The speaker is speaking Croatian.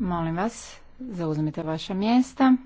Molim vas, zauzmite vaša mjesta.